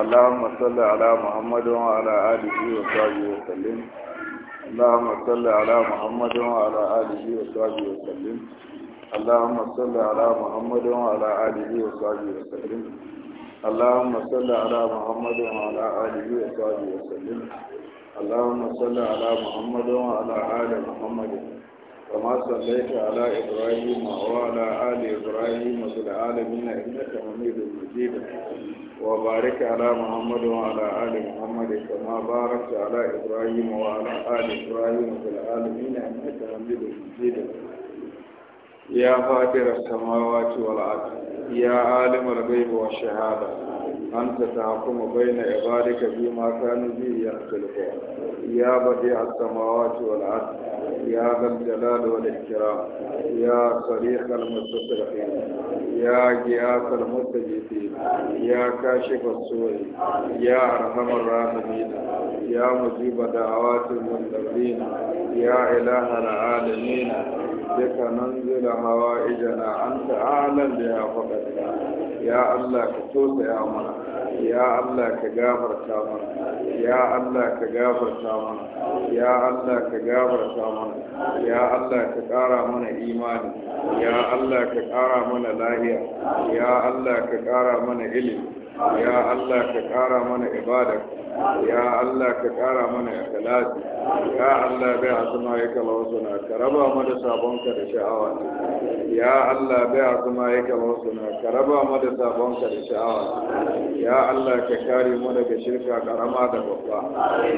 اللهم صل على محمد وعلى اله وصحبه وسلم اللهم صل على محمد وعلى اله وصحبه وسلم اللهم صل على محمد وعلى اله وصحبه وسلم اللهم صل على محمد وعلى اله وصحبه وسلم اللهم صل على محمد وعلى آل محمد kama sallaita ala ibrahim wa ala ali ibrahim wa ala alamin innaka hamidum majid wa barik ala muhammad wa ala ali muhammad kama barakta ala ibrahim wa ala ali ibrahim wa ala alamin innaka hamidum majid ya fatir as-samawati wal ardi ya alim al wa shahada أن تتحكم بين عبادك فيما كانوا به يختلفون يا بديع السماوات والأرض يا ذا الجلال والإكرام يا صريخ المستصرخين يا غياث المستجيبين يا كاشف السوء يا أرحم الراحمين يا مجيب دعوات المنذرين يا إله العالمين بك ننزل هوائجنا أنت أعلم بها فقط يا الله كتوب يا أمنا ya Allah ka gafarta mana ya Allah ka gafarta mana ya Allah ka gafarta mana ya Allah ka ƙara mana imani ya Allah ka ƙara mana lahiya ya Allah ka ƙara mana ilimi ya Allah ka ƙara mana ibada ya Allah ka ƙara mana ikhlasi ya Allah bai asma yake lawsuna ka raba mu da sabonka da sha'awa ya Allah bai asma yake lawsuna ka raba mu da sabonka da sha'awa ya Allah ka kare mu daga shirka karama da babba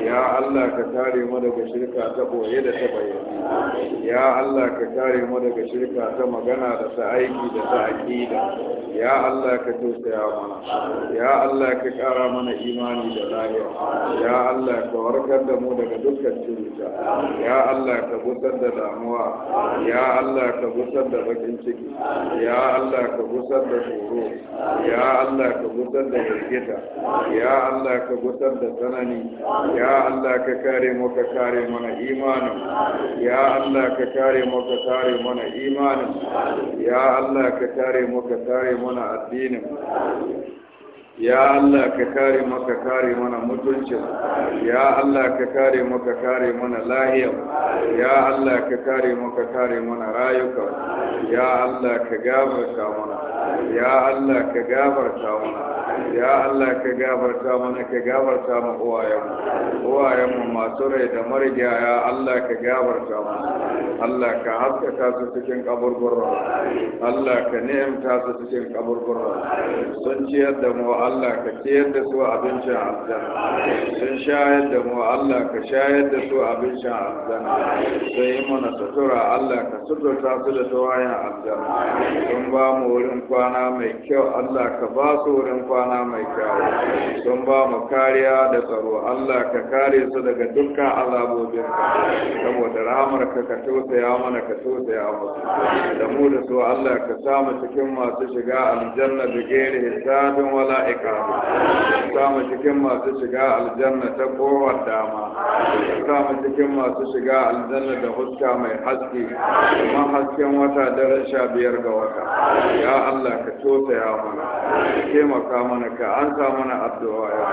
ya Allah ka kare mu daga shirka ta boye da ta bayyana ya Allah ka kare mu daga shirka ta magana da ta aiki da ta aqida ya Allah ka tausaya mana ya Allah ka ƙara mana imani da lahiya ya Allah ka warkar da mu daga dukkan cuta ya Allah ka busar da damuwa ya Allah ka busar da bakin ciki ya Allah ka busar da tsoro ya Allah ka busar da firgita ya Allah ka busar da tsanani ya Allah ka kare mu ka kare mana imanin ya Allah ka kare mu ka kare mana imanin ya Allah ka kare mu ka kare mana addinin ya Allah ka kare maka kare mana mutuncin ya Allah ka kare maka kare mana lahiyar ya Allah ka kare maka kare mana rayuka ya Allah ka gafarta mana ya Allah ka gafarta mana ya Allah ka gafarta mana ka gafarta mu uwayenmu uwayenmu masu rai da marigaya. ya Allah ka gafarta mana Allah ka haskaka su cikin kaburburra Allah ka ni'imta su cikin kaburburra sun ciyar da mu Allah ka ciyar da su abincin aljanna sun shayar da mu Allah ka shayar da su abincin aljanna sun yi mana sutura Allah ka suturta su da tawayan aljanna sun ba mu wurin kwana mai kyau Allah ka ba su wurin kwana mai kyau sun ba mu kariya da tsaro Allah ka kare su daga dukkan azabobinka saboda rahamar ka ka tausaya mana ka tausaya musu da mu da su Allah ka samu cikin masu shiga aljanna da gere hisabin wala kama samu cikin masu shiga aljanna ta kowar dama samu cikin masu shiga aljanna da huska mai haske kuma hasken wata daren sha biyar ga wata ya Allah ka tosaya mana ka taimaka mana ka an sa mana addu'a ya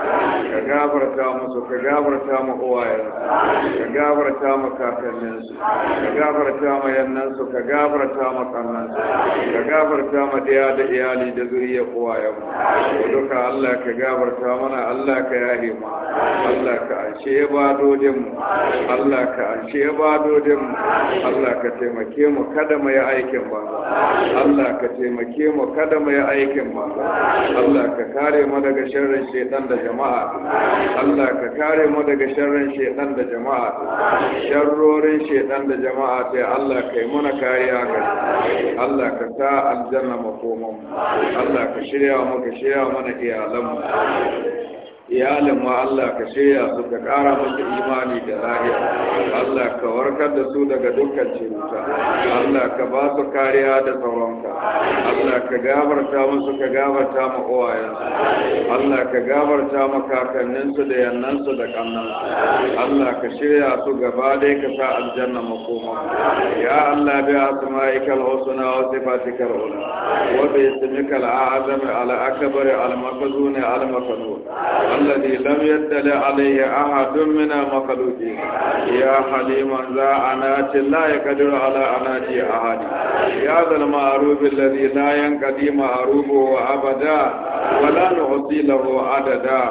ka gafarta musu ka gafarta mu uwayen ka gafarta mu kakanninsu ka gafarta mu yannansu ka gafarta mu kannansu ka gafarta mu diya da iyali da zuriya uwayen mu duka ka Allah ka gabarta mana Allah ka yahe mu Allah ka anshe dojin mu Allah ka anshe dojin mu Allah ka taimake mu kada mu yi aikin ba Allah ka taimake mu kada mu yi aikin ba Allah ka kare mu daga sharrin shaitan da jama'a Allah ka kare mu daga sharrin shaitan da jama'a sharrorin shaitan da jama'a sai Allah ka yi mana kariya ga Allah ka sa aljanna makoman Allah ka shirya maka shirya mana ya lamu. iyalin ma Allah ka shirya su ka ƙara musu imani da lahiya Allah ka warkar da su daga dukkan ciruta Allah ka ba su kariya da tsaronka Allah ka gabarta musu ka gabarta ma uwayensu Allah ka gabarta ma kakanninsu da yannansu da kannansu Allah ka shirya su gaba dai ka sa aljanna makoma ya Allah bi asma'ikal husna wa sifatikal ula wa bi ismikal a'zam al akbar al makhzun al makanun الذي لم يدل عليه أحد من المخلوقين يا حليما ذا أنات لا يقدر على أنات أحد يا ذا المعروف الذي لا ينقضي معروفه أبدا ولا نعطي له عددا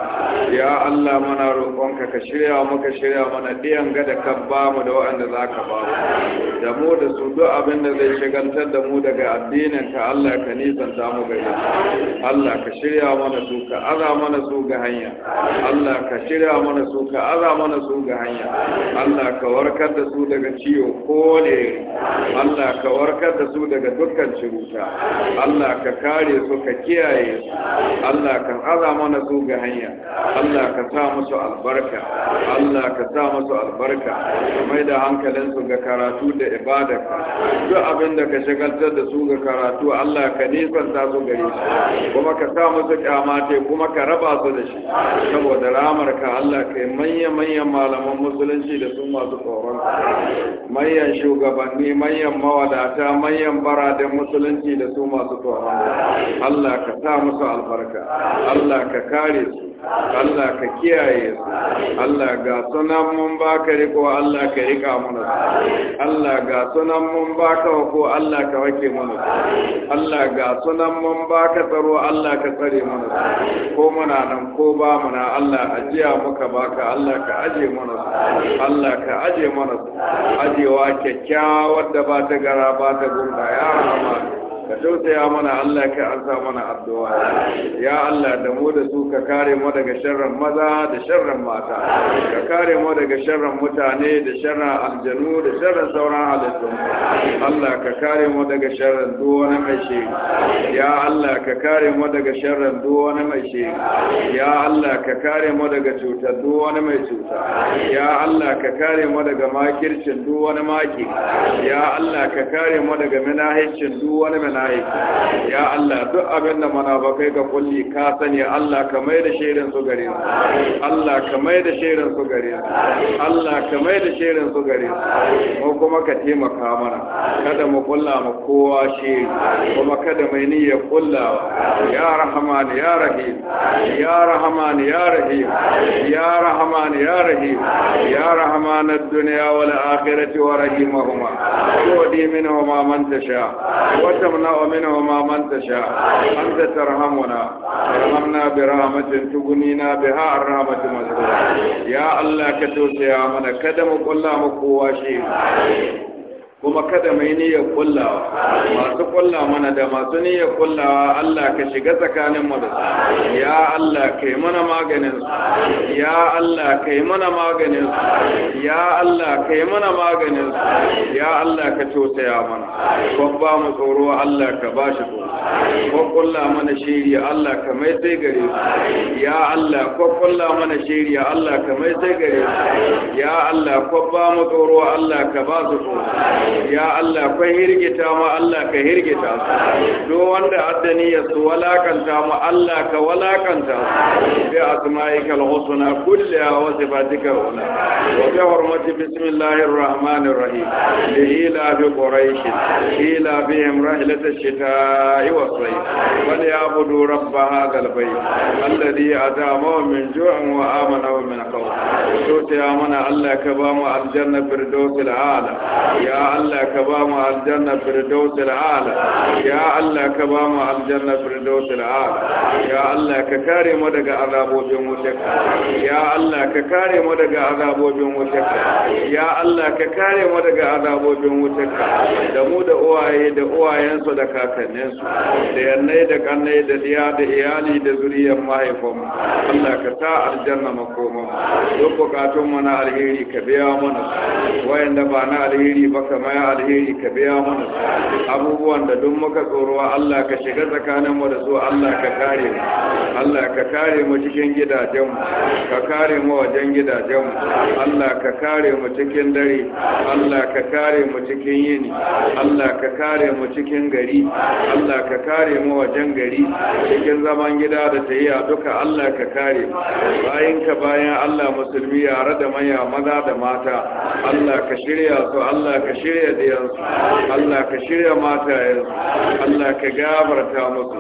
يا الله منا roƙonka ka shirya muka shirya mana ɗiyan gada ka ba da waɗanda za ka ba da mu da su duk abin zai shigantar da mu daga addinin ka Allah Allah ka shirya mana su ka aza mana su ga hanya Allah ka shirya mana su ka aza mana su ga hanya Allah ka warkar da su daga ciwo ko ne ka warkar da su daga dukkan ciruta Allah ka kare su ka kiyaye su Allah ka aza mana su ga hanya Allah ka sa musu albarka Allah ka sa musu albarka ka mai da hankalin su ga karatu da ibada ka duk abin da ka shagaltar da su ga karatu Allah ka nisanta su gare shi kuma ka sa musu kyamata kuma ka raba su da shi saboda ramar ka Allah ka yi manyan manyan malaman musulunci da su masu tsoron manyan shugabanni manyan mawada Yata manyan bara da musulunci da su masu tsoron Allah ka sa musu albarka Allah ka kare su Allah ka kiyaye su Allah ga sunan mun ba baka riko Allah ka rika mana su Allah ga sunan mun ba baka ko Allah ka wake mana su Allah ga sunan mun ba ka tsaro Allah ka tsare mana su ko muna nan ko ba muna Allah ajiya muka baka Allah ka aje mana su Allah ka aje mana su ajewa kyakkyawa wadda ba ta gara ba ta gunda ya tausaya mana Allah ka ansa mana addu'a ya Allah da mu da su ka kare mu daga sharran maza da sharran mata ka kare mu daga sharran mutane da sharran aljanu da sharran sauran halittu Allah ka kare mu daga sharran duk mai shi ya Allah ka kare mu daga sharran duk mai shi ya Allah ka kare mu daga cutar duk mai cuta ya Allah ka kare mu daga makircin duk maki ya Allah ka kare mu daga minahicin duk minahi. munafakai ya Allah duk abin da munafakai ga kulli ka sani Allah ka mai da shirin su gare su Allah ka mai da shirin su gare su Allah ka mai da shirin su gare su mu kuma ka taimaka mana kada mu kulla mu kowa shi kuma kada mai niyyar kullawa ya rahman ya rahim ya rahman ya rahim ya rahman ya rahim ya rahman ad-dunya wal akhirati wa rahimahuma tu'ti minhuma man tasha wa tamna'u ومنهما من تشاء أنت ترحمنا ارحمنا برحمة تغنينا بها الرحمة مزدورة يا الله كتوسع من كدم كل مقواشين kuma kada mai niyyar kullawa masu kulla mana da masu niyyar kullawa Allah ka shiga tsakanin mu ya Allah kai mana maganin su ya Allah kai mana maganin su ya Allah kai mana maganin su ya Allah ka tausaya mana ba mu tsoro Allah ka ba shi tsoro ko kulla mana shiri Allah ka mai sai gare su ya Allah ko kulla mana shiri Allah ka mai sai gare su ya Allah ko ba mu tsoro Allah ka ba su tsoro ya Allah kai hirgita mu Allah ka hirgita su duk wanda addani ya su walakanta mu Allah ka walakanta su bi asma'ikal husna kullaha wa sifatikal ula wa bi hurmati bismillahir rahmanir rahim li ila bi quraish ila bihim rahlata ash-shita'i was-sayf wa liya'budu rabb hadha al-bayt alladhi ata'amahum min ju'in wa amanahum min khawf to ya mana Allah ka ba mu aljanna firdausil ala ya الله كبام الجنة في الدوس العالى يا الله كبام الجنة في الدوس العالى يا الله ككاري مدق عذاب وجمودك يا الله ككاري مدق عذاب وجمودك يا الله ككاري مدق عذاب وجمودك دمود أواي دواي ينسو دكاك ينسو لأنه دكاني دليا دعيالي دزوري أمهي فم الله كتاع الجنة مقوم لبقاتم من الهيري كبيا من وين دبانا الهيري بكم ya alheri ka biya mana abubuwan da duk muka tsorowa Allah ka shiga tsakanin mu da su Allah ka kare mu Allah ka kare mu cikin gidajen mu ka kare mu wajen gidajen mu Allah ka kare mu cikin dare Allah ka kare mu cikin yini Allah ka kare mu cikin gari Allah ka kare mu wajen gari cikin zaman gida da a duka Allah ka kare mu bayan ka bayan Allah musulmi yare da maya maza da mata Allah ka shirya su Allah ka shirya shirya diyansu Allah ka shirya matayensu Allah ka gabarta musu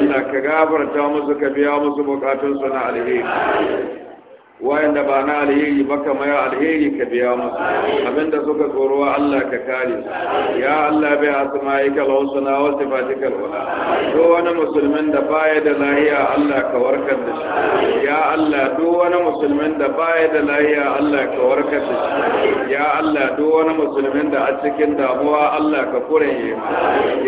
Allah ka gabarta musu ka biya musu bukatunsu na alheri wayanda ba na alheri ba kama ya alheri ka biya musu abinda suka tsoro wa Allah ka kare ya Allah bai asma'ika al-husna wa sifatika al-ula wani musulmin da baya da lahiya Allah ka warkar da shi ya Allah duk wani musulmin da baya da lahiya Allah ka warkar da shi ya Allah duk wani musulmin da a cikin damuwa Allah ka kuranye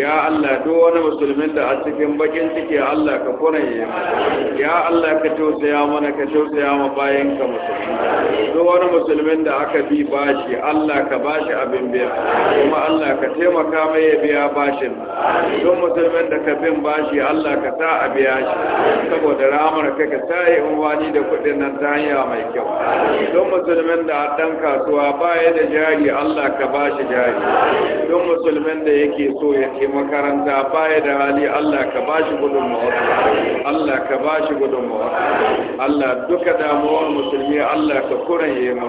ya Allah duk wani musulmin da a cikin bakin ciki Allah ka kuranye ya Allah ka tausaya mana ka tausaya mu bayan ka musulmi duk wani musulmin da aka bi bashi Allah ka bashi abin biya kuma Allah ka taimaka mai ya biya bashin duk musulmin da ka bin bashi Allah ka sa a biya shi saboda ramar ka ka sa yi unwani da kuɗin nan ta hanya mai kyau duk musulmin da dan kasuwa baya da jari Allah ka bashi jari duk musulmin da yake so ya ke makaranta baya da hali Allah ka bashi Allah ka bashi Allah duka damuwa damuwar musulmi Allah ka kuranye mu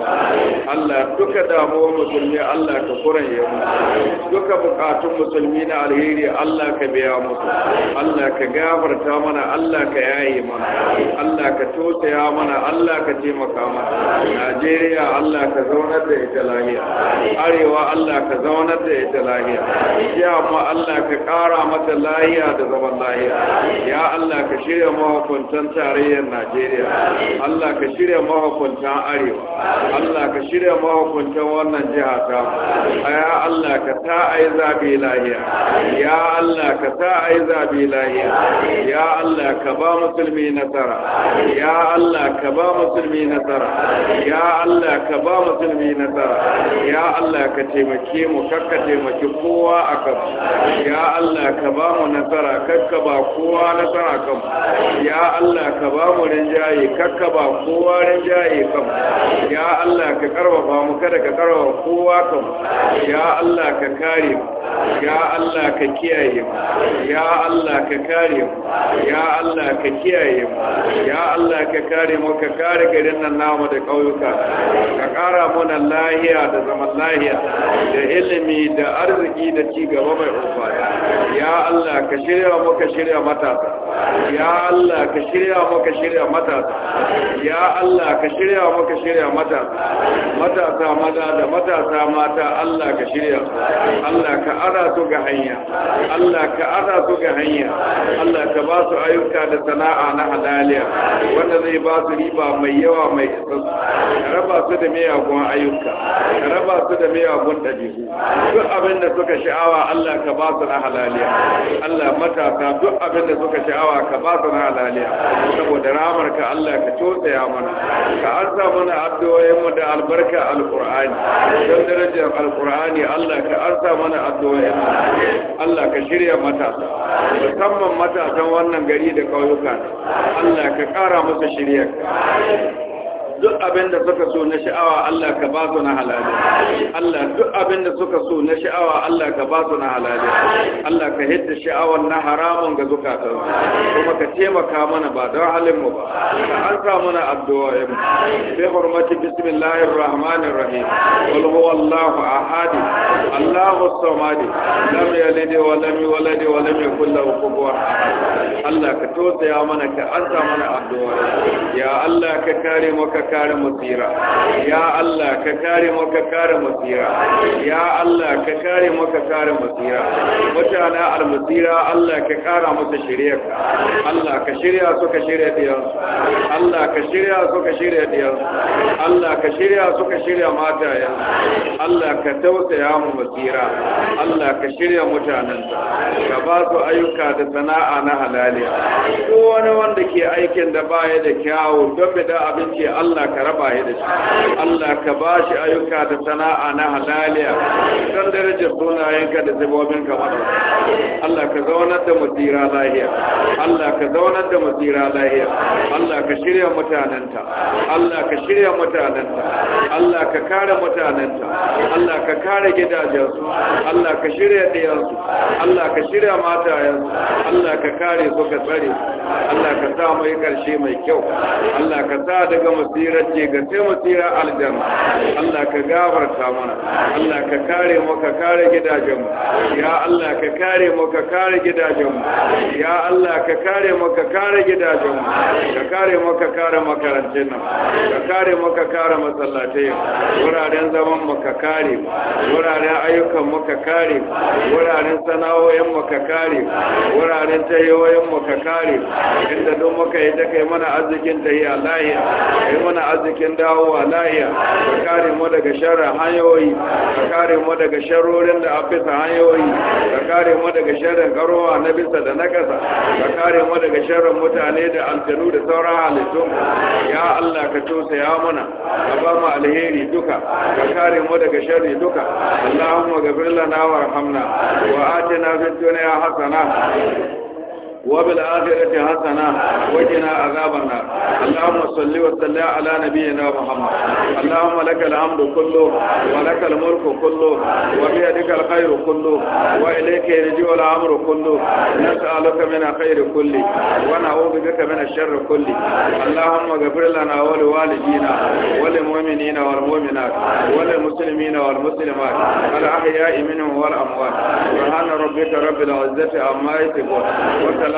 Allah duka damuwar musulmi Allah ka kuranye mu duka bukatun musulmi na alheri Allah ka biya musu Allah ka gafarta mana Allah ka yaye mana Allah ka tosaya mana Allah ka taimaka mana Najeriya Allah ka zaunar da ita lahiya Arewa Allah ka zaunar da ita lahiya Ya mu Allah ka kara mata lahiya da zaman lahiya ya Allah ka shirya mahukuntan tarayyar Najeriya Allah ka shirya shirya mahukuntan arewa Allah ka shirya mahukuntan wannan jiha ta ya Allah ka ta ai zabi lahiya ya Allah ka ta ai zabi lahiya ya Allah ka ba musulmi nasara ya Allah ka ba musulmi nasara ya Allah ka ba musulmi nasara ya Allah ka taimake mu kakka taimake kowa a kan ya Allah ka ba mu nasara kakka ba kowa nasara kan ya Allah ka ba mu rinjaye kakka ba kowa warin jaye kan ya Allah ka karfafa mu kada ka karfafa kowa kan ya Allah ka kare mu ya Allah ka kiyaye mu ya Allah ka kare mu ya Allah ka kiyaye mu ya Allah ka kare mu ka kare garin nan namu da kauyuka ka kara mana lahiya da zaman lahiya da ilimi da arziki da ci gaba mai amfani ya Allah ka shirya mu ka shirya matasa ya Allah ka shirya mu ka shirya matasa ya Allah ka shirya mu ka shirya matasa matasa maza da matasa mata Allah ka shirya Allah ka Ana su ga hanya Allah ka Ana su ga hanya Allah ka ba su ayyuka da sana'a na halaliya wanda zai ba su riba mai yawa mai isassu ka raba su da miyagun ayyuka ka raba su da miyagun ɗabi'u duk abin da suka sha'awa Allah ka ba su na halaliya Allah matasa duk abin da suka sha'awa ka ba su na halaliya saboda ramar ka Allah ka tosaya mana ka arza mana addu'o'in mu da albarka alqur'ani don darajar alqur'ani Allah ka arza mana addu'o'i koya Allah ka shirya matasa musamman matasan wannan gari da kauyuka Allah ka ƙara musu shirya duk abinda suka so na sha'awa Allah ka ba su na halali Allah duk abinda suka so na sha'awa Allah ka ba su na halali Allah ka hidda sha'awar na haramun ga zukatan kuma ka taimaka mana ba don halin mu ba ka ansa mana addu'o'in mu bi hurmati bismillahir rahmanir rahim qul huwallahu ahad Allahu samad lam yalid wa lam yulad wa lam yakul lahu kufuwan ahad Allah ka tosaya mana ka ansa mana addu'o'in ya Allah ka kare mu ka kare masira ya Allah ka kare mu ka kare masira ya Allah ka kare mu ka kare masira mutana almasira Allah ka kara musu shiriyarka Allah ka shirya su ka shirya diyar Allah ka shirya su ka shirya diyar Allah ka shirya su ka shirya matayen Allah ka tausaya mu masira Allah ka shirya mutanen ka ba su ayyuka da sana'a na halaliya ko wani wanda ke aikin da baya da kyawu don da abinci Allah Allah ka raba shi da shi Allah ka ba shi ayyuka da sana'a na halaliya don darajar sunayenka da zibobinka mata Allah ka zaunar da masira lahiya Allah ka zaunar da masira lahiya Allah ka shirya mutanenta Allah ka shirya mutanenta Allah ka kare mutanenta Allah ka kare gidajensu Allah ka shirya ɗayansu Allah ka shirya matayensu Allah ka kare su ka tsare Allah ka sa mai ƙarshe mai kyau Allah ka sa daga masira tsira ce ga sai mu aljanna Allah ka gafarta mana Allah ka kare mu ka kare gidajen mu ya Allah ka kare mu ka kare gidajen mu ya Allah ka kare mu ka kare gidajen mu ka kare mu ka kare makarantun nan ka kare mu ka kare masallatai wuraren zaman mu ka kare wuraren ayyukan mu ka kare wuraren sana'o'in mu ka kare wuraren tayoyin mu ka kare inda don muka yi ta kai mana arzikin ta yi a lahiya yi mana mana arzikin dawowa lahiya ka kare mu daga sharrin hanyoyi ka kare mu daga sharorin da abisa hanyoyi ka kare mu daga sharrin karowa na bisa da na kasa ka kare mu daga sharrin mutane da aljanu da sauran halittu ya Allah ka ya mana ka ba mu alheri duka ka kare mu daga sharri duka Allahumma ghfir lana warhamna wa atina fid dunya hasana وبالآخرة حسنة وقنا عذاب النار اللهم صل وسلم على نبينا محمد اللهم لك الحمد كله ولك الملك كله وبيدك الخير كله وإليك يرجع الأمر كله نسألك من الخير كله ونعوذ بك من الشر كله اللهم اغفر لنا ولوالدينا وللمؤمنين والمؤمنات وللمسلمين والمسلمات الأحياء منهم والأموات سبحان ربك رب العزة عما يصفون وسلام